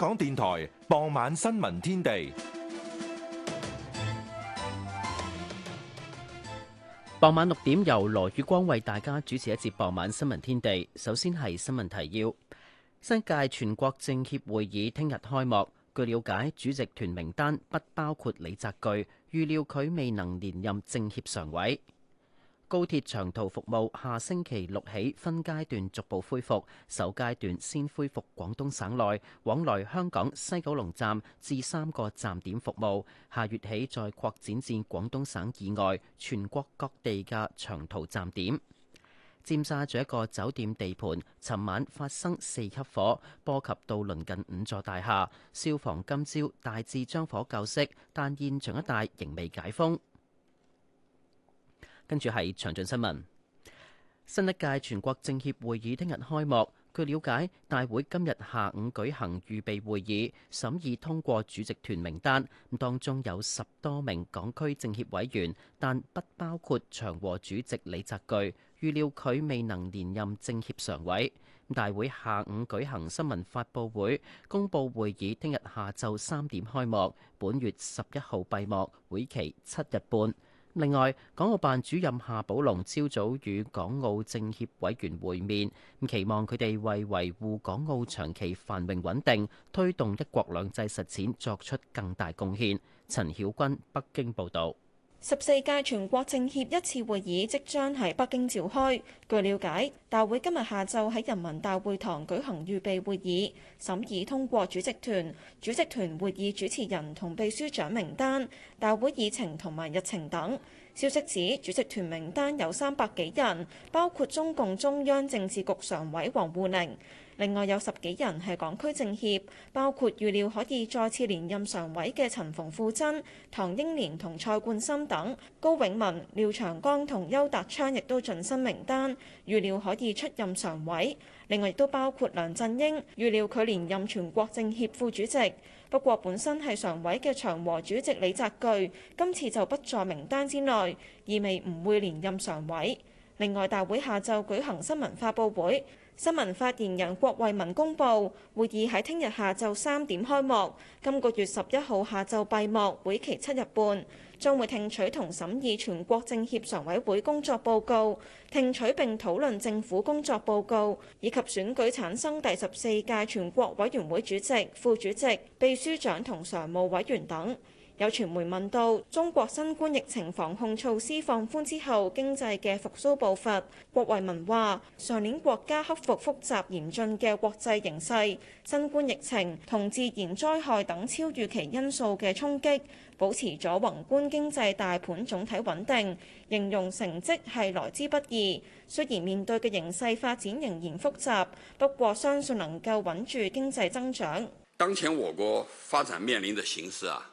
.港電台傍晚新聞天地，傍晚六點由羅宇光為大家主持一節傍晚新聞天地。首先係新聞提要：新一屆全國政協會議聽日開幕，據了解主席團名單不包括李澤钜，預料佢未能連任政協常委。高鐵長途服務下星期六起分階段逐步恢復，首階段先恢復廣東省內往來香港西九龍站至三個站點服務，下月起再擴展至廣東省以外全國各地嘅長途站點。尖沙咀一個酒店地盤，尋晚發生四級火，波及到鄰近五座大廈，消防今朝大致將火救熄，但現場一帶仍未解封。跟住係詳盡新聞。新一屆全國政協會議聽日開幕。據了解，大會今日下午舉行預備會議，審議通過主席團名單，當中有十多名港區政協委員，但不包括長和主席李澤钜。預料佢未能連任政協常委。大會下午舉行新聞發布會，公布會議聽日下晝三點開幕，本月十一號閉幕，會期七日半。另外，港澳辦主任夏寶龍朝早與港澳政協委員會面，期望佢哋為維護港澳長期繁榮穩定、推動一國兩制實踐作出更大貢獻，陳曉君北京報道。十四屆全國政協一次會議即將喺北京召開。據了解，大會今日下晝喺人民大會堂舉行預備會議，審議通過主席團、主席團會議主持人同秘書長名單、大會議程同埋日程等。消息指，主席團名單有三百幾人，包括中共中央政治局常委王滬寧。另外有十幾人係港區政協，包括預料可以再次連任常委嘅陳馮富珍、唐英年同蔡冠森等，高永文、廖長江同邱達昌亦都晉身名單，預料可以出任常委。另外亦都包括梁振英，預料佢連任全國政協副主席。不過本身係常委嘅長和主席李澤鉅今次就不在名單之內，意味唔會連任常委。另外，大會下晝舉行新聞發佈會。新聞發言人郭惠文公佈，會議喺聽日下晝三點開幕，今個月十一號下晝閉幕，會期七日半，將會聽取同審議全國政協常委會工作報告，聽取並討論政府工作報告，以及選舉產生第十四屆全國委員會主席、副主席、秘書長同常務委員等。有傳媒問到中國新冠疫情防控措施放寬之後經濟嘅復甦步伐，郭衛民話：上年國家克服複雜嚴峻嘅國際形勢、新冠疫情同自然災害等超預期因素嘅衝擊，保持咗宏觀經濟大盤總體穩定，形容成績係來之不易。雖然面對嘅形勢發展仍然複雜，不過相信能夠穩住經濟增長。當前我國發展面臨的形勢啊！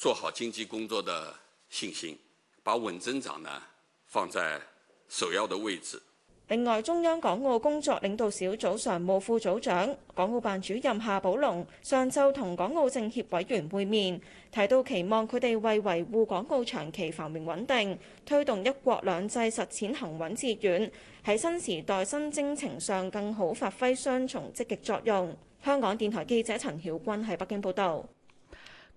做好經濟工作的信心，把穩增長呢，放在首要的位置。另外，中央港澳工作領導小組常務副組長、港澳辦主任夏寶龍上晝同港澳政協委員會面，提到期望佢哋為維護港澳長期繁榮穩定，推動一國兩制實踐行穩致遠，喺新時代新征程上更好發揮雙重積極作用。香港電台記者陳曉君喺北京報道。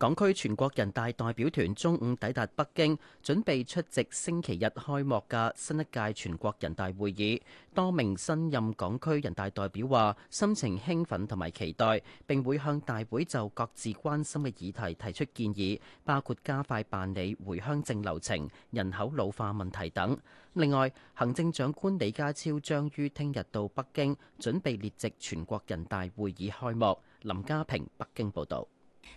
港區全國人大代表團中午抵達北京，準備出席星期日開幕嘅新一屆全國人大會議。多名新任港區人大代表話，心情興奮同埋期待，並會向大會就各自關心嘅議題提出建議，包括加快辦理回鄉證流程、人口老化問題等。另外，行政長官李家超將於聽日到北京，準備列席全國人大會議開幕。林家平，北京報道。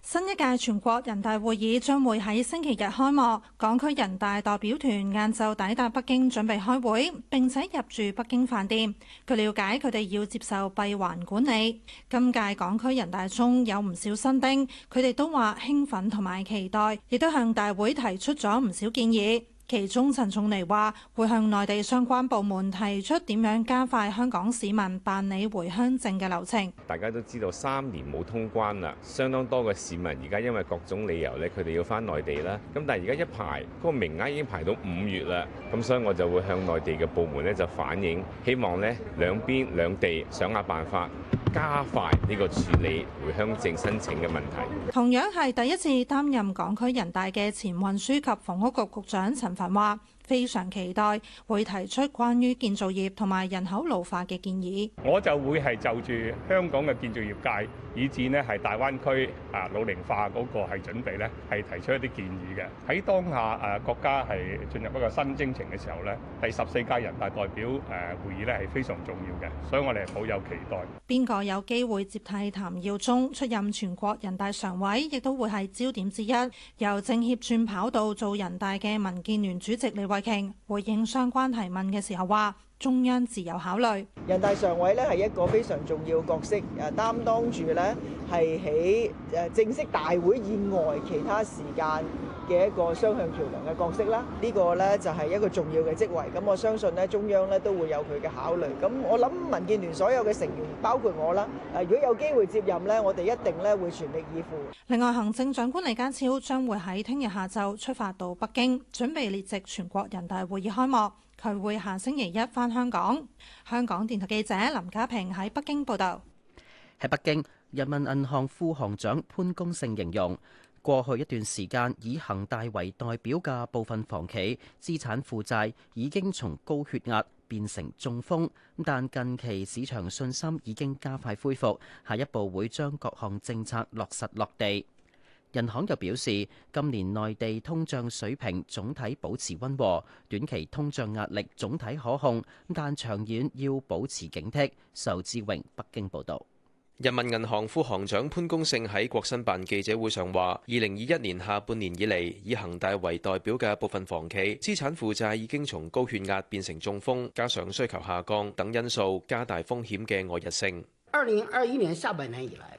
新一屆全國人大會議將會喺星期日開幕，港區人大代表團晏晝抵達北京準備開會，並且入住北京飯店。據了解，佢哋要接受閉環管理。今屆港區人大中有唔少新丁，佢哋都話興奮同埋期待，亦都向大會提出咗唔少建議。其中陳仲尼話：會向內地相關部門提出點樣加快香港市民辦理回鄉證嘅流程。大家都知道三年冇通關啦，相當多嘅市民而家因為各種理由咧，佢哋要翻內地啦。咁但係而家一排嗰個名額已經排到五月啦，咁所以我就會向內地嘅部門咧就反映，希望咧兩邊兩地想下辦法。加快呢個處理回鄉證申請嘅問題，同樣係第一次擔任港區人大嘅前運輸及房屋局局長陳凡話。非常期待會提出關於建造業同埋人口老化嘅建議，我就會係就住香港嘅建造業界，以至咧係大灣區啊老齡化嗰個係準備咧，係提出一啲建議嘅。喺當下誒、啊、國家係進入一個新征程嘅時候咧，第十四屆人大代表誒會議咧係非常重要嘅，所以我哋係好有期待。邊個有機會接替譚耀宗出任全國人大常委，亦都會係焦點之一。由政協轉跑道做人大嘅民建聯主席李慧韋瓊回應相關提問嘅時候話。中央自有考慮。人大常委咧係一個非常重要角色，誒擔當住咧係喺誒正式大會以外其他時間嘅一個雙向橋樑嘅角色啦。呢個咧就係一個重要嘅職位。咁我相信咧中央咧都會有佢嘅考慮。咁我諗民建聯所有嘅成員，包括我啦，誒如果有機會接任咧，我哋一定咧會全力以赴。另外，行政長官李家超將會喺聽日下晝出發到北京，準備列席全國人大會議開幕。佢會下星期一返香港。香港電台記者林家平喺北京報道。喺北京，人民銀行副行長潘功勝形容，過去一段時間以恒大為代表嘅部分房企資產負債已經從高血壓變成中風，但近期市場信心已經加快恢復，下一步會將各項政策落實落地。銀行又表示，今年內地通脹水平總體保持溫和，短期通脹壓力總體可控，但長遠要保持警惕。仇志榮北京報導。人民銀行副行長潘功勝喺國新辦記者會上話：二零二一年下半年以嚟，以恒大為代表嘅部分房企資產負債已經從高血壓變成中風，加上需求下降等因素，加大風險嘅外溢性。二零二一年下半年以來。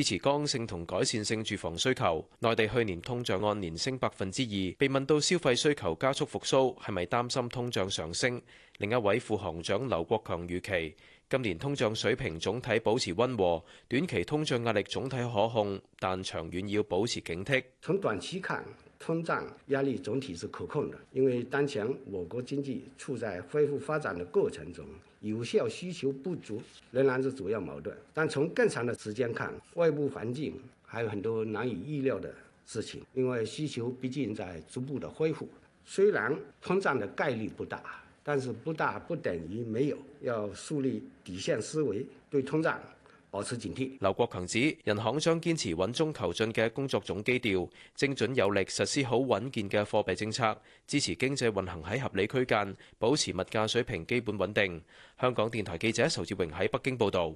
支持剛性同改善性住房需求。內地去年通脹按年升百分之二。被問到消費需求加速復甦係咪擔心通脹上升？另一位副行長劉國強預期今年通脹水平總體保持溫和，短期通脹壓力總體可控，但長遠要保持警惕。從短期看，通脹壓力總體是可控的，因為當前我國經濟處在恢復發展的過程中。有效需求不足仍然是主要矛盾，但從更長的時間看，外部環境還有很多難以預料的事情。因為需求畢竟在逐步的恢復，雖然通脹的概率不大，但是不大不等於沒有，要樹立底線思維，對通脹。我出前天，劉國強指，人行將堅持穩中求進嘅工作總基調，精準有力實施好穩健嘅貨幣政策，支持經濟運行喺合理區間，保持物價水平基本穩定。香港電台記者仇志榮喺北京報導。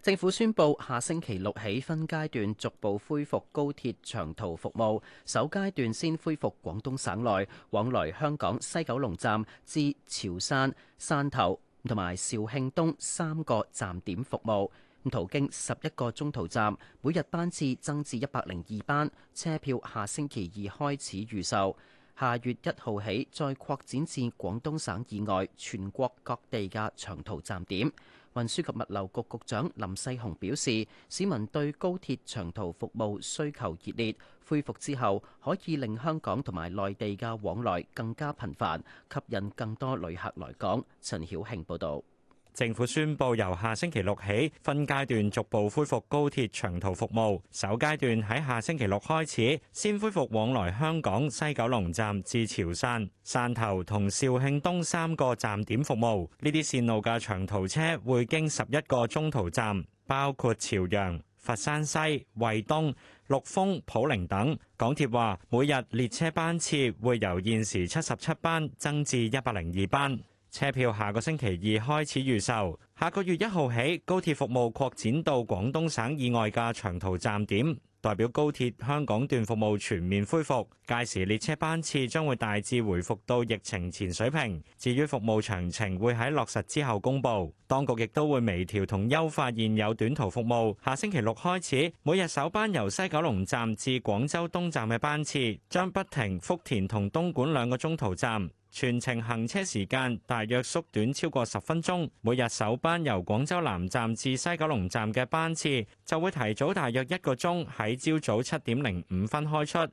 政府宣布下星期六起分階段逐步恢復高鐵長途服務，首階段先恢復廣東省內往來香港西九龍站至潮汕、汕頭同埋肇慶東三個站點服務。途經十一個中途站，每日班次增至一百零二班，車票下星期二開始預售。下月一號起再擴展至廣東省以外全國各地嘅長途站點。運輸及物流局局長林世雄表示，市民對高鐵長途服務需求熱烈，恢復之後可以令香港同埋內地嘅往來更加頻繁，吸引更多旅客來港。陳曉慶報導。政府宣佈由下星期六起，分階段逐步恢復高鐵長途服務，首階段喺下星期六開始，先恢復往來香港西九龍站至潮汕、汕頭同肇慶東三個站點服務。呢啲線路嘅長途車會經十一個中途站，包括朝陽、佛山西、惠東、陸豐、普寧等。港鐵話，每日列車班次會由現時七十七班增至一百零二班。車票下個星期二開始預售，下個月一號起，高鐵服務擴展到廣東省以外嘅長途站點，代表高鐵香港段服務全面恢復。屆時列車班次將會大致回復到疫情前水平。至於服務詳情，會喺落實之後公布。當局亦都會微調同優化現有短途服務。下星期六開始，每日首班由西九龍站至廣州東站嘅班次，將不停福田同東莞兩個中途站。全程行車時間大約縮短超過十分鐘，每日首班由廣州南站至西九龍站嘅班次就會提早大約一個鐘，喺朝早七點零五分開出。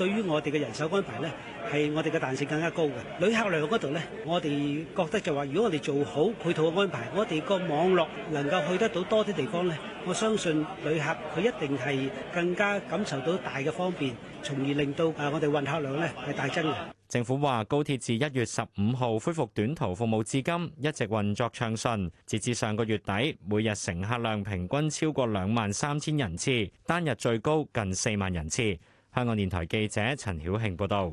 對於我哋嘅人手安排呢，係我哋嘅彈性更加高嘅。旅客量嗰度呢，我哋覺得就話，如果我哋做好配套嘅安排，我哋個網絡能夠去得到多啲地方呢，我相信旅客佢一定係更加感受到大嘅方便，從而令到啊我哋運客量呢係大增嘅。政府話，高鐵自一月十五號恢復短途服務至今，一直運作暢順。截至上個月底，每日乘客量平均超過兩萬三千人次，單日最高近四萬人次。香港電台記者陳曉慶報道：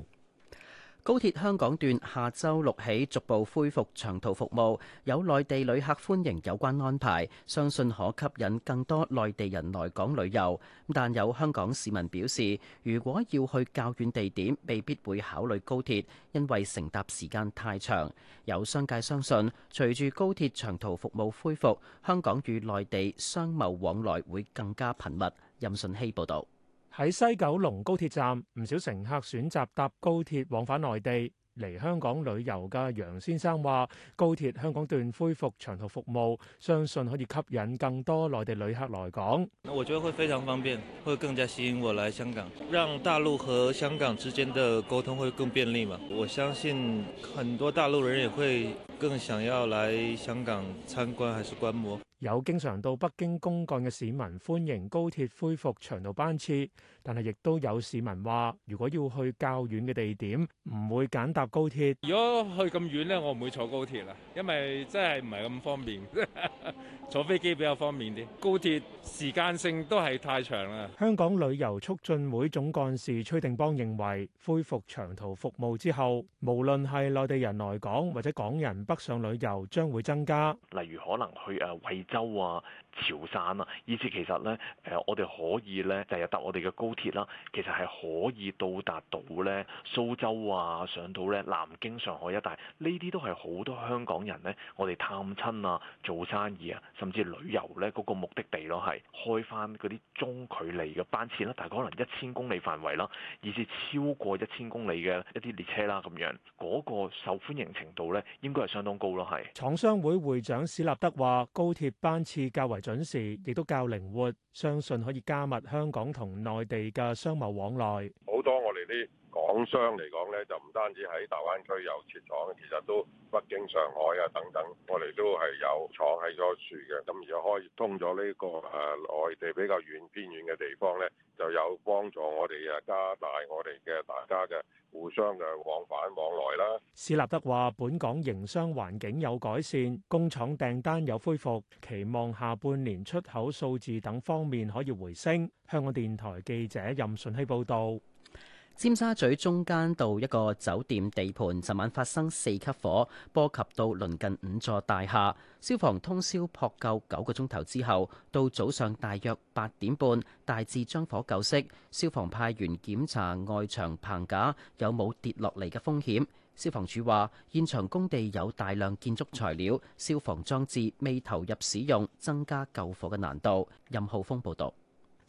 高鐵香港段下周六起逐步恢復長途服務，有內地旅客歡迎有關安排，相信可吸引更多內地人來港旅遊。但有香港市民表示，如果要去較遠地點，未必會考慮高鐵，因為乘搭時間太長。有商界，相信，隨住高鐵長途服務恢復，香港與內地商貿往來會更加頻密。任信希報道。喺西九龍高鐵站，唔少乘客選擇搭高鐵往返內地。嚟香港旅遊嘅楊先生話，高鐵香港段恢復長途服務，相信可以吸引更多內地旅客來港。我覺得會非常方便，會更加吸引我來香港，讓大陸和香港之間的溝通會更便利嘛。我相信很多大陸人也會更想要來香港參觀，還是觀摩。有經常到北京公幹嘅市民歡迎高鐵恢復長途班次。但係亦都有市民話，如果要去較遠嘅地點，唔會揀搭高鐵。如果去咁遠咧，我唔會坐高鐵啦，因為真係唔係咁方便，坐飛機比較方便啲。高鐵時間性都係太長啦。香港旅遊促進會總幹事崔定邦認為，恢復長途服務之後，無論係內地人來港或者港人北上旅遊，將會增加。例如可能去誒惠州啊、潮汕啊，意思其實咧誒，我哋可以咧就係搭我哋嘅高鐵啦，其實係可以到達到咧蘇州啊，上到咧南京、上海一帶，呢啲都係好多香港人呢，我哋探親啊、做生意啊，甚至旅遊咧嗰個目的地咯，係開翻嗰啲中距離嘅班次啦，但係可能一千公里範圍啦，以至超過一千公里嘅一啲列車啦，咁樣嗰個受歡迎程度咧，應該係相當高咯，係。廠商會會長史立德話：高鐵班次較為準時，亦都較靈活，相信可以加密香港同內地。嘅商貿往來，好多我來，我哋啲。港商嚟講咧，就唔單止喺大灣區有設廠，其實都北京、上海啊等等，我哋都係有廠喺嗰處嘅。咁而開通咗呢個誒內地比較遠偏遠嘅地方咧，就有幫助我哋啊加大我哋嘅大家嘅互相嘅往返往來啦。史立德話：本港營商環境有改善，工廠訂單有恢復，期望下半年出口數字等方面可以回升。香港電台記者任順希報導。尖沙咀中間道一個酒店地盤，尋晚發生四級火，波及到鄰近五座大廈。消防通宵撲救九個鐘頭之後，到早上大約八點半，大致將火救熄。消防派員檢查外牆棚架有冇跌落嚟嘅風險。消防處話，現場工地有大量建築材料，消防裝置未投入使用，增加救火嘅難度。任浩峰報導。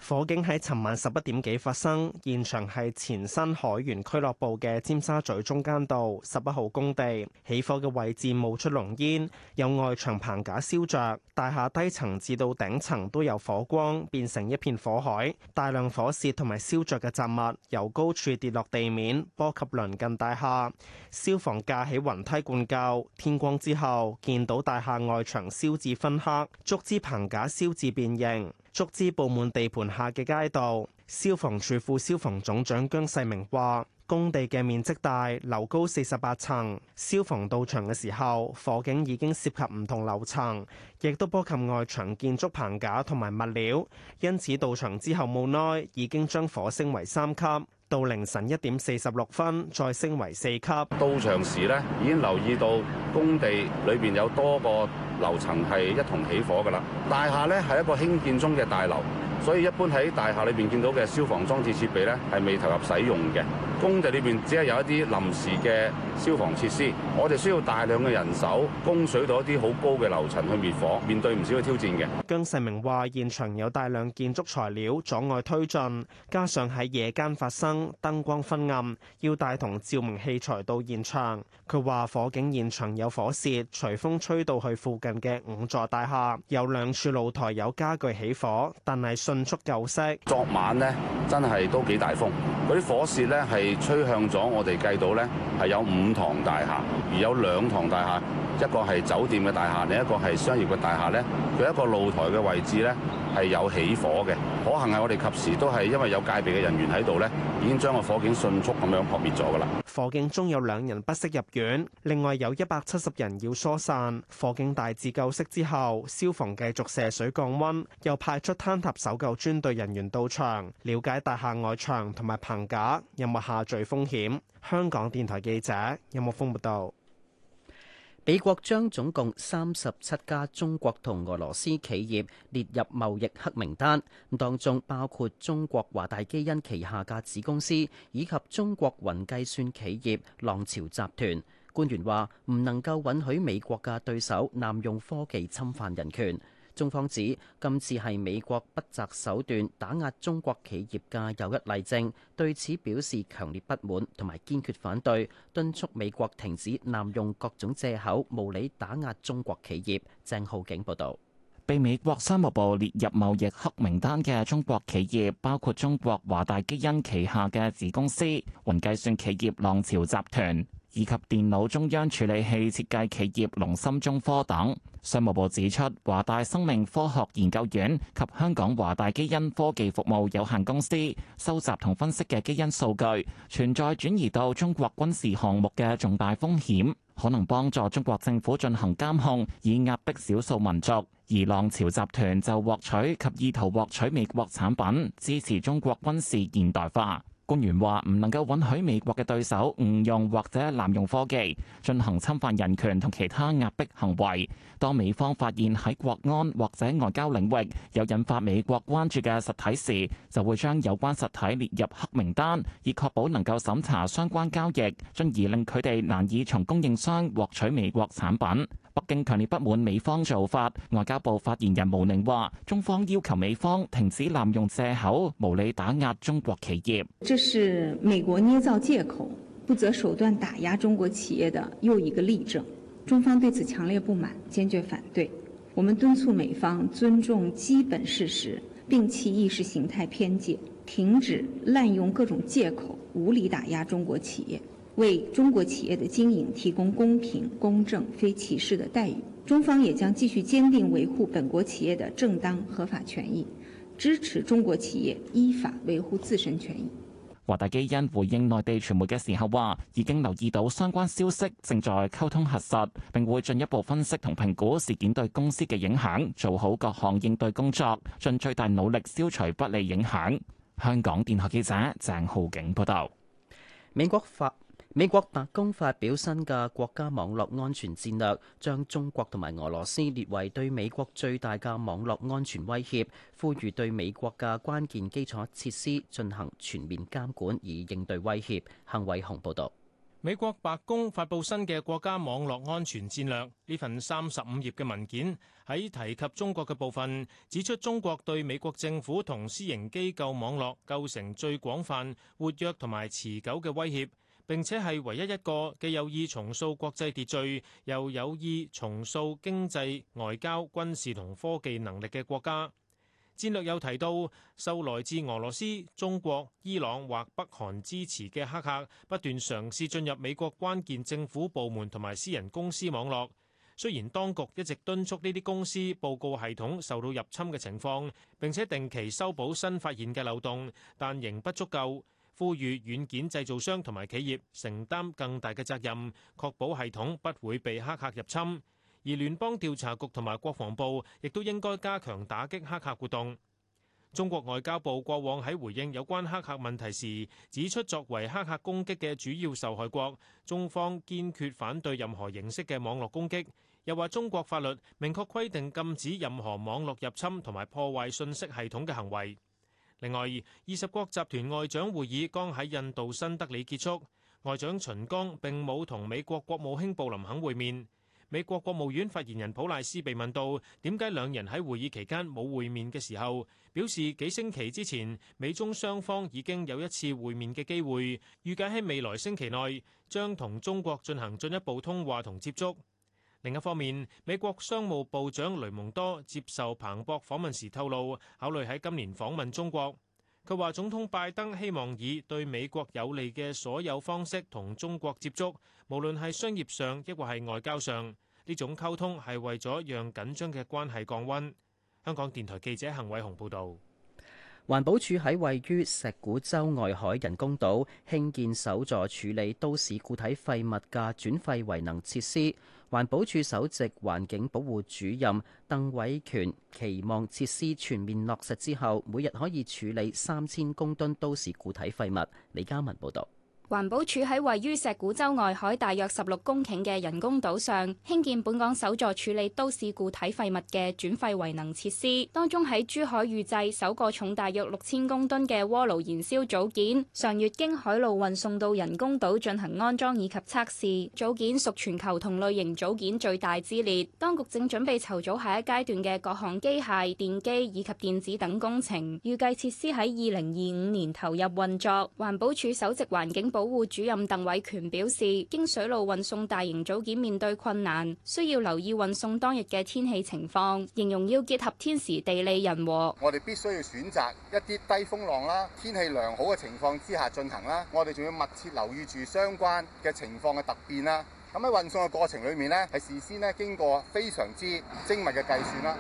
火警喺尋晚十一點幾發生，現場係前新海員俱樂部嘅尖沙咀中間道十一號工地，起火嘅位置冒出濃煙，有外牆棚架燒着，大廈低層至到頂層都有火光，變成一片火海，大量火屑同埋燒着嘅雜物由高處跌落地面，波及鄰近大廈。消防架起雲梯灌救，天光之後見到大廈外牆燒至燻黑，竹枝棚架燒至變形。竹枝布滿地盤下嘅街道，消防處副消防總長姜世明話：工地嘅面積大，樓高四十八層，消防到場嘅時候，火警已經涉及唔同樓層，亦都波及外牆建築棚架同埋物料，因此到場之後冇耐，已經將火升為三級。到凌晨一點四十六分，再升為四級。到場時咧，已經留意到工地裏邊有多個樓層係一同起火噶啦。大廈咧係一個興建中嘅大樓，所以一般喺大廈裏邊見到嘅消防裝置設備咧係未投入使用嘅。工地裏邊只係有一啲臨時嘅消防設施，我哋需要大量嘅人手供水到一啲好高嘅樓層去滅火，面對唔少嘅挑戰嘅。姜世明話現場有大量建築材料阻礙推進，加上喺夜間發生，燈光昏暗，要帶同照明器材到現場。佢話火警現場有火舌，隨風吹到去附近嘅五座大廈，有兩處露台有家具起火，但係迅速救熄。昨晚咧真係都幾大風，啲火舌咧係。係吹向咗我哋計到呢，係有五幢大廈，而有兩幢大廈，一個係酒店嘅大廈，另一個係商業嘅大廈呢，佢一個露台嘅位置呢，係有起火嘅，可幸係我哋及時，都係因為有戒備嘅人員喺度呢，已經將個火警迅速咁樣撲滅咗噶啦。火警中有兩人不適入院，另外有一百七十人要疏散。火警大致救熄之後，消防繼續射水降溫，又派出坍塌搜救專隊人員到場，了解大廈外牆同埋棚架有冇下聚風險。香港電台記者任木峰報道，美國將總共三十七家中國同俄羅斯企業列入貿易黑名單，當中包括中國華大基因旗下嘅子公司以及中國雲計算企業浪潮集團。官員話：唔能夠允許美國嘅對手濫用科技侵犯人權。中方指今次係美國不擇手段打壓中國企業嘅又一例證，對此表示強烈不滿同埋堅決反對，敦促美國停止濫用各種藉口，無理打壓中國企業。鄭浩景報導，被美國商務部列入貿易黑名單嘅中國企業包括中國華大基因旗下嘅子公司雲計算企業浪潮集團。以及電腦中央處理器設計企業龍芯中科等，商務部指出，華大生命科學研究院及香港華大基因科技服務有限公司收集同分析嘅基因數據，存在轉移到中國軍事項目嘅重大風險，可能幫助中國政府進行監控，以壓迫少數民族。而浪潮集團就獲取及意圖獲取美國產品，支持中國軍事現代化。官員話：唔能夠允許美國嘅對手誤用或者濫用科技，進行侵犯人權同其他壓迫行為。當美方發現喺國安或者外交領域有引發美國關注嘅實體時，就會將有關實體列入黑名單，以確保能夠審查相關交易，進而令佢哋難以從供應商獲取美國產品。北京強烈不滿美方做法，外交部發言人毛寧話：中方要求美方停止濫用借口，無理打壓中國企業。這是美國捏造借口、不擇手段打壓中國企業的又一個例證。中方對此強烈不滿，堅決反對。我們敦促美方尊重基本事實，摒棄意識形態偏見，停止濫用各種借口，無理打壓中國企業。為中國企業的經營提供公平、公正、非歧視的待遇。中方也將繼續堅定維護本國企業的正當合法權益，支持中國企業依法維護自身權益。華大基因回應內地傳媒嘅時候話，已經留意到相關消息，正在溝通核實，並會進一步分析同評估事件對公司嘅影響，做好各項應對工作，盡最大努力消除不利影響。香港電台記者鄭浩景報道。美國法。美國白宮發表新嘅國家網絡安全戰略，將中國同埋俄羅斯列為對美國最大嘅網絡安全威脅，呼籲對美國嘅關鍵基礎設施進行全面監管，以應對威脅。幸偉雄報道：美國白宮發布新嘅國家網絡安全戰略，呢份三十五頁嘅文件，喺提及中國嘅部分，指出中國對美國政府同私營機構網絡構成最廣泛、活躍同埋持久嘅威脅。並且係唯一一個既有意重塑國際秩序，又有意重塑經濟、外交、軍事同科技能力嘅國家。戰略有提到，受來自俄羅斯、中國、伊朗或北韓支持嘅黑客不斷嘗試進入美國關鍵政府部門同埋私人公司網絡。雖然當局一直敦促呢啲公司報告系統受到入侵嘅情況，並且定期修補新發現嘅漏洞，但仍不足夠。呼籲軟件製造商同埋企業承擔更大嘅責任，確保系統不會被黑客入侵。而聯邦調查局同埋國防部亦都應該加強打擊黑客活動。中國外交部過往喺回應有關黑客問題時，指出作為黑客攻擊嘅主要受害國，中方堅決反對任何形式嘅網絡攻擊。又話中國法律明確規定禁止任何網絡入侵同埋破壞信息系統嘅行為。另外，二十國集團外長會議剛喺印度新德里結束，外長秦剛並冇同美國國務卿布林肯會面。美國國務院發言人普賴斯被問到點解兩人喺會議期間冇會面嘅時候，表示幾星期之前美中雙方已經有一次會面嘅機會，預計喺未來星期內將同中國進行進一步通話同接觸。另一方面，美國商務部長雷蒙多接受彭博訪問時透露，考慮喺今年訪問中國。佢話：總統拜登希望以對美國有利嘅所有方式同中國接觸，無論係商業上，亦或係外交上。呢種溝通係為咗讓緊張嘅關係降溫。香港電台記者幸偉雄報道。環保署喺位於石鼓洲外海人工島興建首座處理都市固體廢物嘅轉廢為能設施。環保署首席環境保護主任鄧偉權期望設施全面落實之後，每日可以處理三千公噸都市固體廢物。李嘉文報道。環保署喺位於石鼓洲外海大約十六公頃嘅人工島上興建本港首座處理都市固體廢物嘅轉廢為能設施，當中喺珠海預製首個重大約六千公噸嘅鍋爐燃燒組件，上月經海路運送到人工島進行安裝以及測試。組件屬全球同類型組件最大之列，當局正準備籌組下一階段嘅各項機械、電機以及電子等工程，預計設施喺二零二五年投入運作。環保署首席環境部。保護主任鄧偉權表示，經水路運送大型組件面對困難，需要留意運送當日嘅天氣情況，形容要結合天時地利人和。我哋必須要選擇一啲低風浪啦、天氣良好嘅情況之下進行啦，我哋仲要密切留意住相關嘅情況嘅突變啦。咁喺運送嘅過程裏面呢係事先咧經過非常之精密嘅計算啦，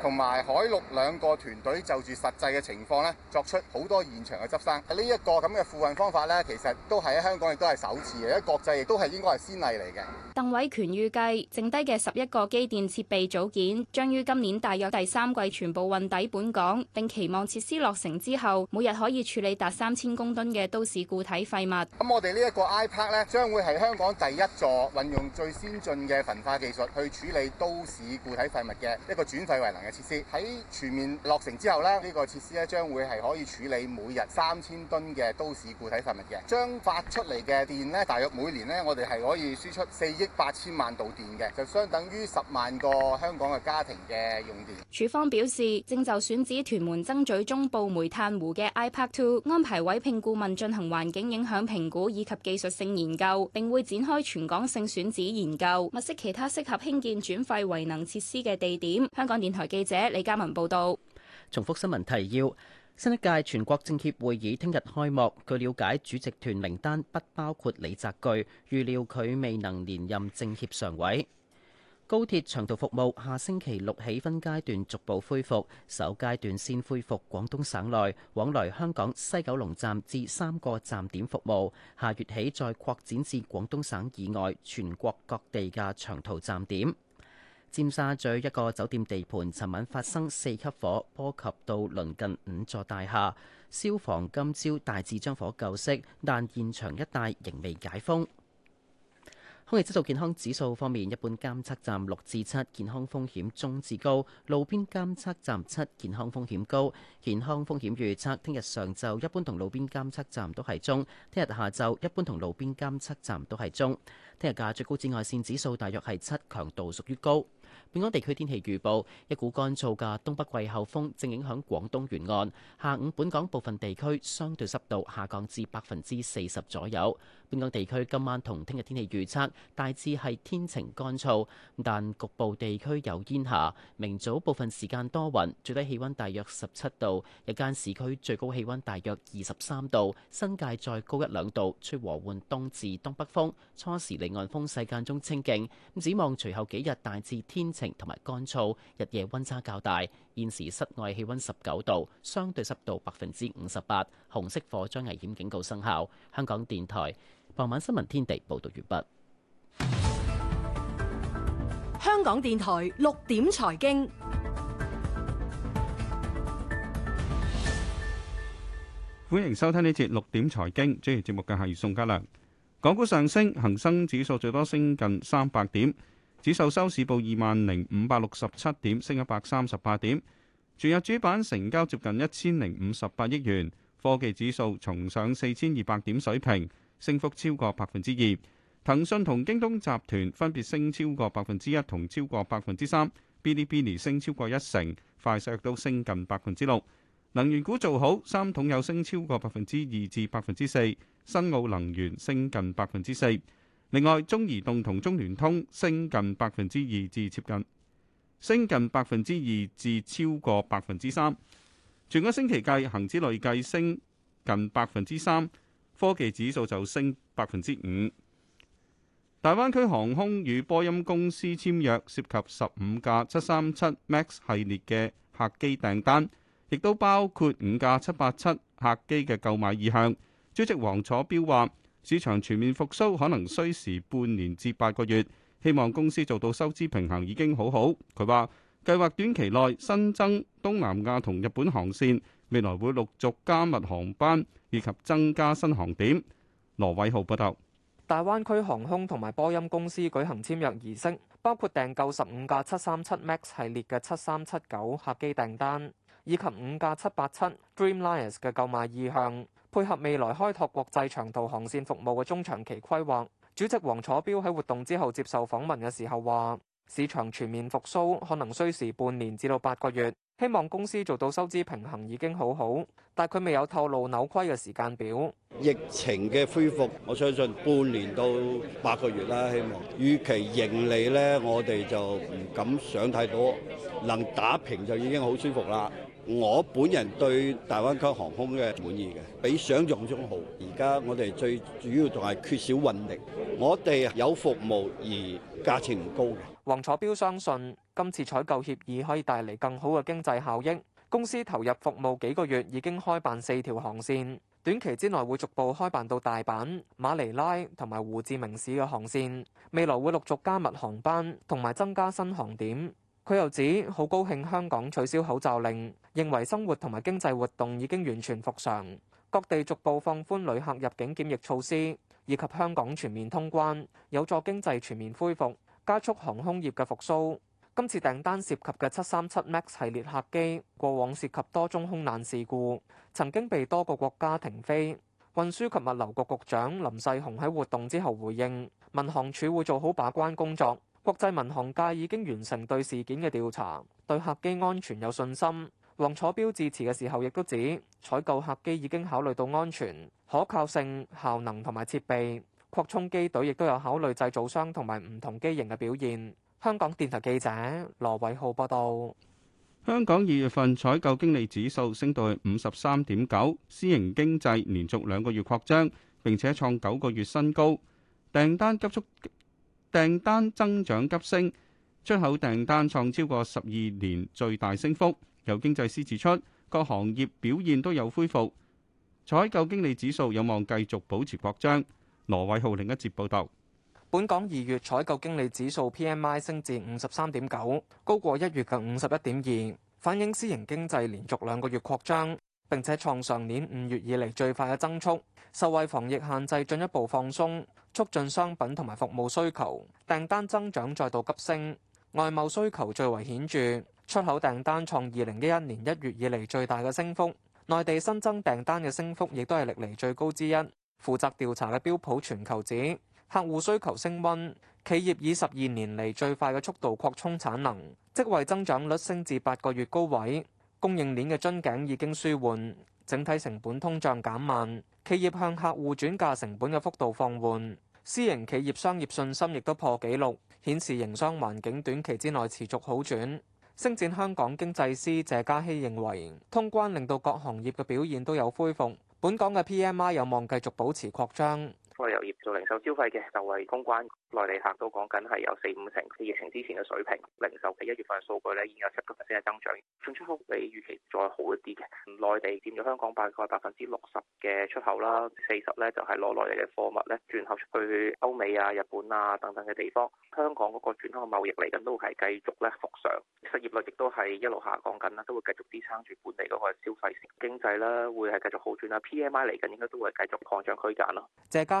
同埋海陸兩個團隊就住實際嘅情況咧，作出好多現場嘅執生。呢、這、一個咁嘅付運方法呢，其實都係喺香港亦都係首次嘅，喺國際亦都係應該係先例嚟嘅。鄧偉權預計剩低嘅十一個機電設備組件將於今年大約第三季全部運抵本港，並期望設施落成之後，每日可以處理達三千公噸嘅都市固體廢物。咁、嗯、我哋呢一個 I·PARK 呢，將會係香港第一座。運用最先進嘅焚化技術去處理都市固體廢物嘅一個轉廢為能嘅設施，喺全面落成之後啦，呢個設施咧將會係可以處理每日三千噸嘅都市固體廢物嘅，將發出嚟嘅電咧，大約每年咧，我哋係可以輸出四億八千萬度電嘅，就相等於十萬個香港嘅家庭嘅用電。署方表示，正就選址屯門曾咀中部煤炭湖嘅 I·PARK 2安排委聘顧問進行環境影響評估，以及技術性研究，並會展開全港性選址研究，物色其他適合興建轉廢為能設施嘅地點。香港電台記者李嘉文報道。重複新聞提要：新一屆全國政協會議聽日開幕。據了解，主席團名單不包括李澤鉅，預料佢未能連任政協常委。高鐵長途服務下星期六起分階段逐步恢復，首階段先恢復廣東省內往來香港西九龍站至三個站點服務，下月起再擴展至廣東省以外全國各地嘅長途站點。尖沙咀一個酒店地盤尋晚發生四級火，波及到鄰近五座大廈，消防今朝大致將火救熄，但現場一帶仍未解封。空氣質素健康指數方面，一般監測站六至七，健康風險中至高；路邊監測站七，健康風險高。健康風險預測：聽日上晝一般同路邊監測站都係中；聽日下晝一般同路邊監測站都係中。聽日嘅最高紫外線指數大約係七，強度屬於高。本港地區天氣預報，一股乾燥嘅東北季候風正影響廣東沿岸。下午本港部分地區相對濕度下降至百分之四十左右。本港地區今晚同聽日天氣預測，大致係天晴乾燥，但局部地區有煙霞。明早部分時間多雲，最低氣溫大約十七度，日間市區最高氣溫大約二十三度，新界再高一兩度，吹和緩東至東北風，初時離岸風勢間中清勁，咁指望隨後幾日大致天晴。同埋乾燥，日夜溫差較大。現時室外氣溫十九度，相對濕度百分之五十八。紅色火災危險警告生效。香港電台傍晚新聞天地報道完畢。香港電台六點財經，歡迎收聽呢節六點財經。主持節目嘅係宋家良。港股上升，恒生指數最多升近三百點。指數收市報二萬零五百六十七點，升一百三十八點。全日主板成交接近一千零五十八億元。科技指數重上四千二百點水平，升幅超過百分之二。騰訊同京東集團分別升超過百分之一同超過百分之三。Bilibili 升超過一成，快手都升近百分之六。能源股做好，三桶油升超過百分之二至百分之四。新奧能源升近百分之四。另外，中移動同中聯通升近百分之二至接近，升近百分之二至超過百分之三。全個星期計，恒指累計升近百分之三，科技指數就升百分之五。大灣區航空與波音公司簽約，涉及十五架七三七 MAX 系列嘅客機訂單，亦都包括五架七八七客機嘅購買意向。主席黃楚標話。市場全面復甦可能需時半年至八個月，希望公司做到收支平衡已經好好。佢話計劃短期內新增東南亞同日本航線，未來會陸續加密航班以及增加新航點。羅偉浩報導，大灣區航空同埋波音公司舉行簽約儀式，包括訂購十五架七三七 MAX 系列嘅七三七九客機訂單，以及五架七八七 Dreamliners 嘅購買意向。配合未來開拓國際長途航線服務嘅中長期規劃，主席黃楚標喺活動之後接受訪問嘅時候話：市場全面復甦可能需時半年至到八個月，希望公司做到收支平衡已經好好，但佢未有透露扭虧嘅時間表。疫情嘅恢復，我相信半年到八個月啦。希望預期盈利呢，我哋就唔敢想太多，能打平就已經好舒服啦。我本人對大灣區航空嘅滿意嘅，比想象中好。而家我哋最主要仲係缺少運力，我哋有服務而價錢唔高嘅。黃楚標相信今次採購協議可以帶嚟更好嘅經濟效益。公司投入服務幾個月已經開辦四條航線，短期之內會逐步開辦到大阪、馬尼拉同埋胡志明市嘅航線，未來會陸續加密航班同埋增加新航點，佢又指好高興香港取消口罩令。認為生活同埋經濟活動已經完全復常，各地逐步放寬旅客入境檢疫措施，以及香港全面通關，有助經濟全面恢復，加速航空業嘅復蘇。今次訂單涉及嘅七三七 Max 系列客機，過往涉及多宗空難事故，曾經被多個國家停飛。運輸及物流局局局長林世雄喺活動之後回應，民航處會做好把關工作，國際民航界已經完成對事件嘅調查，對客機安全有信心。黃楚標致辭嘅時候，亦都指採購客機已經考慮到安全、可靠性、效能同埋設備擴充機隊，亦都有考慮製造商同埋唔同機型嘅表現。香港電台記者羅偉浩報道：香港二月份採購經理指數升到去五十三點九，私營經濟連續兩個月擴張，並且創九個月新高，訂單急速訂單增長急升，出口訂單創超過十二年最大升幅。有經濟師指出，各行業表現都有恢復，採購經理指數有望繼續保持擴張。羅偉浩另一節報道，本港二月採購經理指數 PMI 升至五十三點九，高過一月嘅五十一點二，反映私營經濟連續兩個月擴張，並且創上年五月以嚟最快嘅增速。受惠防疫限制進一步放鬆，促進商品同埋服務需求，訂單增長再度急升，外貿需求最為顯著。出口訂單創二零一一年一月以嚟最大嘅升幅，內地新增訂單嘅升幅亦都係歷嚟最高之一。負責調查嘅標普全球指，客戶需求升溫，企業以十二年嚟最快嘅速度擴充產能，職位增長率升至八個月高位。供應鏈嘅樽頸已經舒緩，整體成本通脹減慢，企業向客戶轉嫁成本嘅幅度放緩。私營企業商業信心亦都破紀錄，顯示營商環境短期之內持續好轉。星展香港經濟師謝嘉希認為，通關令到各行業嘅表現都有恢復，本港嘅 PMI 有望繼續保持擴張。我哋由業做零售消費嘅就係、是、通關內地客都講緊係有四五成疫情之前嘅水平，零售嘅一月份數據咧已經有七個 percent 嘅增長，進出口比預期再好一啲嘅。內地佔咗香港大概百分之六十嘅出口啦，四十咧就係攞內地嘅貨物咧轉口去歐美啊、日本啊等等嘅地方。香港嗰個轉口貿易嚟緊都係繼續咧復常，失業率亦都係一路下降緊啦，都會繼續支撐住本地嗰個消費經濟啦，會係繼續好轉啦。P M I 嚟緊應該都會繼續擴張區間咯。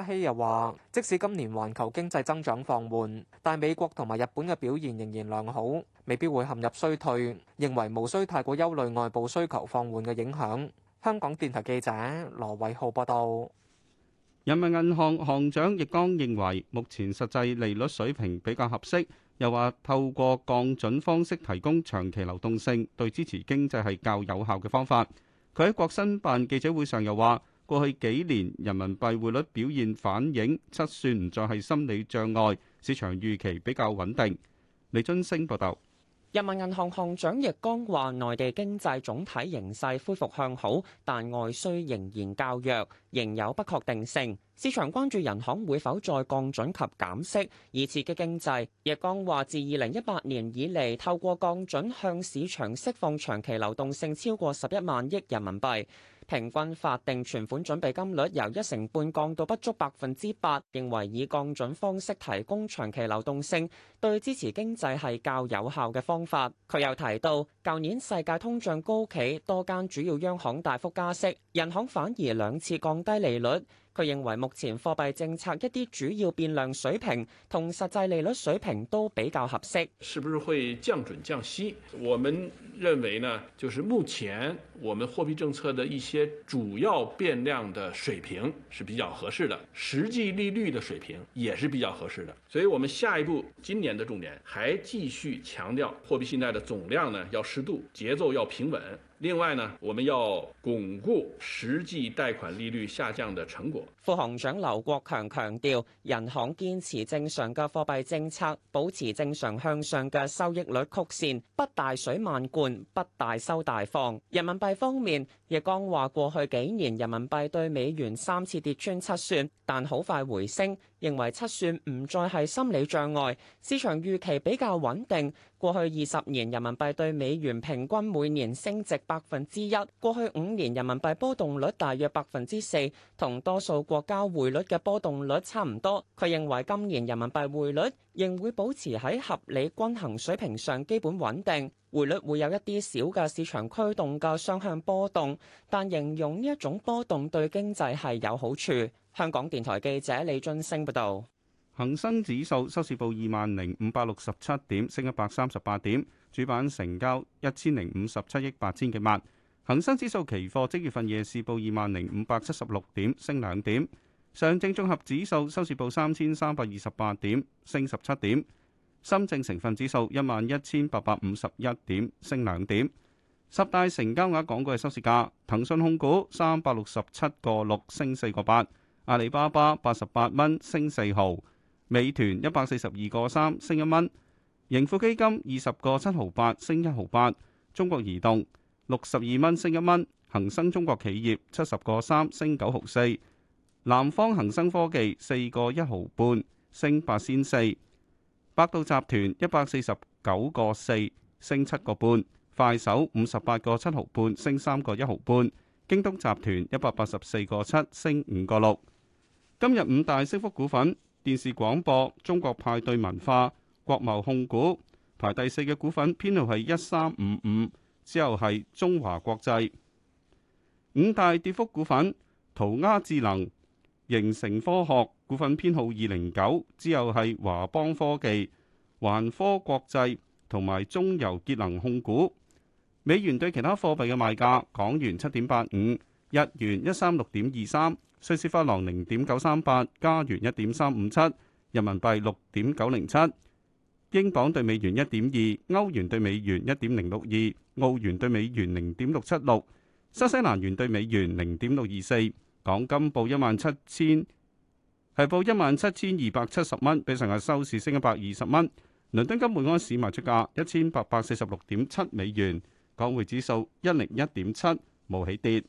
希又話，即使今年環球經濟增長放緩，但美國同埋日本嘅表現仍然良好，未必會陷入衰退，認為無需太過憂慮外部需求放緩嘅影響。香港電台記者羅偉浩報道。人民銀行行長易綱認為，目前實際利率水平比較合適，又話透過降準方式提供長期流動性，對支持經濟係較有效嘅方法。佢喺國新辦記者會上又話。過去幾年人民幣匯率表現反映，七算唔再係心理障礙，市場預期比較穩定。李津升報道，人民銀行行長易綱話，內地經濟總體形勢恢復向好，但外需仍然較弱，仍有不確定性。市場關注人行會否再降準及減息以刺激經濟。易綱話，自二零一八年以嚟，透過降準向市場釋放長期流動性超過十一萬億人民幣。平均法定存款準備金率由一成半降到不足百分之八，認為以降準方式提供長期流動性，對支持經濟係較有效嘅方法。佢又提到，舊年世界通脹高企，多間主要央行大幅加息，人行反而兩次降低利率。佢認為，目前貨幣政策一啲主要變量水平同實際利率水平都比較合適。是不是會降準、降息？我們認為呢，就是目前我們貨幣政策的一些主要變量的水平是比較合適的，實際利率的水平也是比較合適的。所以我們下一步今年的重點，還繼續強調貨幣信貸的總量呢要適度，節奏要平穩。另外呢，我們要鞏固實際貸款利率下降的成果。副行長劉國強強調，人行堅持正常嘅貨幣政策，保持正常向上嘅收益率曲線，不大水漫灌，不大收大放。人民幣方面，亦剛話過去幾年人民幣對美元三次跌穿七算，但好快回升。認為七算唔再係心理障礙，市場預期比較穩定。過去二十年，人民幣對美元平均每年升值百分之一；過去五年，人民幣波動率大約百分之四，同多數國家匯率嘅波動率差唔多。佢認為今年人民幣匯率仍會保持喺合理均衡水平上基本穩定，匯率會有一啲小嘅市場驅動嘅雙向波動，但形容呢一種波動對經濟係有好處。香港電台記者李俊升報道：恒生指數收市報二萬零五百六十七點，升一百三十八點；主板成交一千零五十七億八千幾萬。恒生指數期貨即月份夜市報二萬零五百七十六點，升兩點。上證綜合指數收市報三千三百二十八點，升十七點。深證成分指數一萬一千八百五十一點，升兩點。十大成交額港股嘅收市價：騰訊控股三百六十七個六，升四個八。阿里巴巴八十八蚊升四毫，美團一百四十二個三升一蚊，盈富基金二十個七毫八升一毫八，中國移動六十二蚊升一蚊，恒生中國企業七十個三升九毫四，南方恒生科技四個一毫半升八仙四，百度集團一百四十九個四升七個半，快手五十八個七毫半升三個一毫半，京東集團一百八十四個七升五個六。今日五大升幅股份：電視廣播、中國派對文化、國貿控股，排第四嘅股份編號係一三五五，之後係中華國際。五大跌幅股份：塗鴉智能、形成科學，股份編號二零九，之後係華邦科技、環科國際同埋中油節能控股。美元對其他貨幣嘅賣價：港元七點八五，日元一三六點二三。瑞士法郎零點九三八，加元一點三五七，人民幣六點九零七，英鎊對美元一點二，歐元對美元一點零六二，澳元對美元零點六七六，新西蘭元對美元零點六二四。港金報一萬七千，係報一萬七千二百七十蚊，比上日收市升一百二十蚊。倫敦金每安士賣出價一千八百四十六點七美元，港匯指數一零一點七，冇起跌。